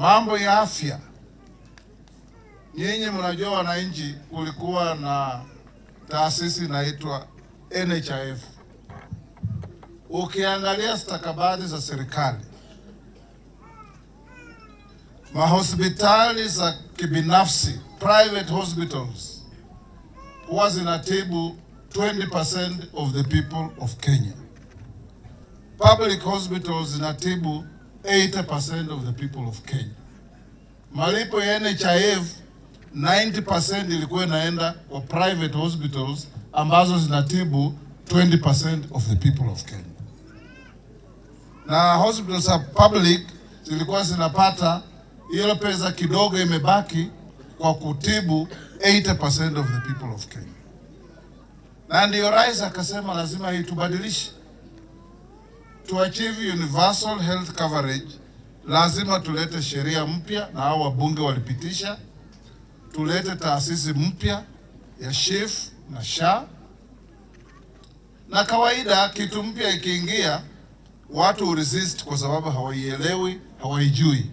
Mambo ya afya, nyinyi mnajua wananchi, kulikuwa na taasisi inaitwa NHIF. Ukiangalia stakabadhi za serikali, mahospitali za kibinafsi private hospitals huwa zinatibu 20% of the people of Kenya. Public hospitals zinatibu 80% of the people of Kenya. Malipo ya NHIF 90% ilikuwa inaenda kwa private hospitals ambazo zinatibu 20% of the people of Kenya, na hospitals za public zilikuwa zinapata hiyo pesa kidogo imebaki kwa kutibu 80% of the people of Kenya, na ndiyo rais akasema lazima hii tubadilishe to achieve universal health coverage lazima tulete sheria mpya, na hao wabunge walipitisha, tulete taasisi mpya ya SHIF na SHA. Na kawaida kitu mpya ikiingia, watu resist kwa sababu hawaielewi, hawaijui.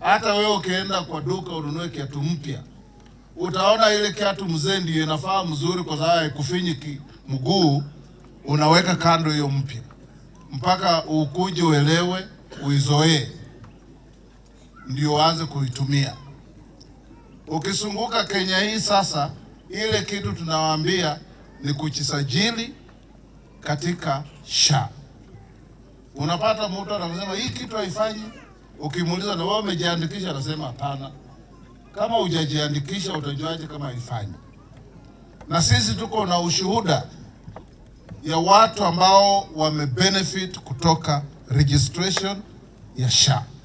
Hata wewe ukienda kwa duka ununue kiatu mpya, utaona ile kiatu mzee ndio inafaa mzuri, kwa sababu haikufinyiki mguu, unaweka kando hiyo mpya mpaka ukuje uelewe, uizoee, ndio uanze kuitumia. Ukisunguka Kenya hii sasa, ile kitu tunawaambia ni kujisajili katika SHA. Unapata mtu anasema hii kitu haifanyi, ukimuuliza na wewe umejiandikisha, anasema hapana. Kama hujajiandikisha, utajuaje kama haifanyi? Na sisi tuko na ushuhuda ya watu ambao wamebenefit kutoka registration ya SHA.